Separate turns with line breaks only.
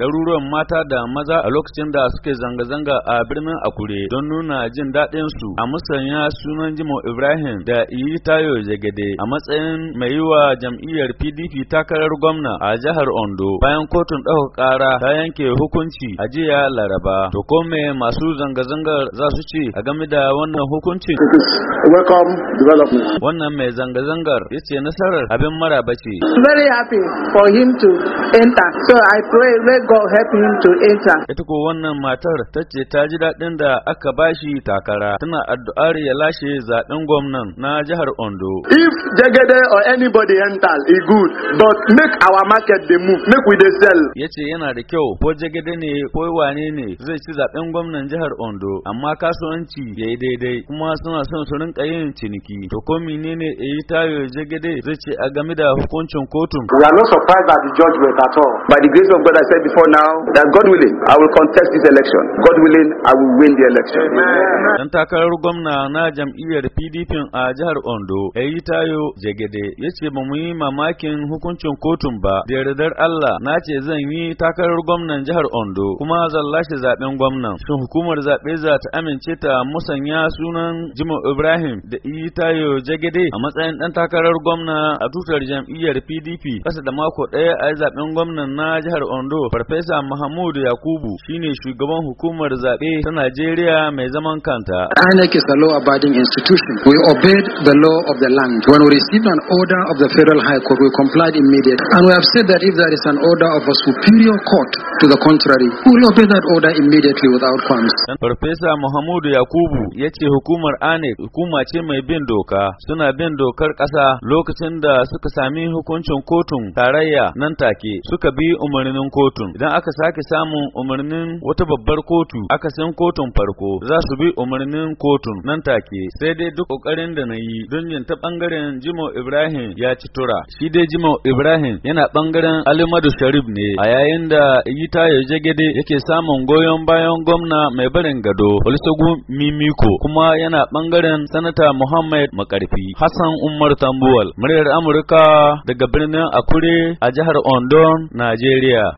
ɗaruruwan mata da maza a lokacin da suke zanga-zanga a birnin Akure don nuna jin daɗin su a musanya sunan Jimo Ibrahim da Iyi Tayo Jagede a matsayin mai yi wa jam'iyyar PDP takarar gwamna a jihar Ondo bayan kotun ɗaukar ƙara ta yanke hukunci a jiya Laraba. To ko me masu zanga-zangar za su ce a game da wannan hukuncin? Wannan mai zanga-zangar ya ce nasarar abin mara bace Very happy for him to enter. So I pray God help him to enter. Ita ko wannan matar ta ce ta ji daɗin da aka bashi takara tana addu'ar ya lashe zaɓen gwamnan na jihar Ondo. If Jagede or anybody enter, e good, but make our market dey move, make we dey sell. Ya ce yana da kyau ko Jagede ne ko wane ne zai ci zaɓen gwamnan jihar Ondo amma kasuwanci ya yi daidai kuma suna son su rinka yin ciniki. To ko menene yi tayo Jagede zai ce a game da hukuncin kotun. We are not surprised at the judgment at all. By the grace of God I said before for now that God willing, I will contest this election. God willing, I will win the election. Dan takarar gwamna na jam'iyyar PDP a jihar Ondo, Eyi Tayo Jegede, ya ce ba mu yi mamakin hukuncin kotun ba, da yardar Allah na ce zan yi takarar gwamnan jihar Ondo, kuma zan lashe zaben gwamnan. Shin hukumar zaɓe za ta amince ta musanya sunan Jimo Ibrahim da Eyi Tayo Jegede a matsayin dan takarar gwamna a tutar jam'iyyar PDP, kasa da mako ɗaya a zaben gwamnan na jihar Ondo. Farfesa Mahmud Yakubu shine shugaban hukumar zaɓe ta Najeriya mai zaman kanta. INEC is a law abiding institution. We obeyed the law of the land. When we received an order of the Federal High Court, we complied immediately. And we have said that if there is an order of a superior court to the contrary, we will obey that order immediately without qualms. Farfesa Mahmud Yakubu ya ce hukumar INEC hukuma ce mai bin doka. Suna bin dokar ƙasa lokacin da suka sami hukuncin kotun tarayya nan take suka bi umarnin kotun. idan aka sake samun umarnin wata babbar kotu aka san kotun farko za su bi umarnin kotun nan take sai dai duk kokarin da na yi don yin ta bangaren Jimo Ibrahim ya ci tura shi dai Jimo Ibrahim yana bangaren Alimadu Sharif ne a yayin da Yita Jagede yake samun goyon bayan gwamna mai barin gado Olusegun Mimiko kuma yana bangaren sanata Muhammad Makarfi Hassan Umar Tambuwal muryar Amurka daga birnin Akure a jihar Ondo Najeriya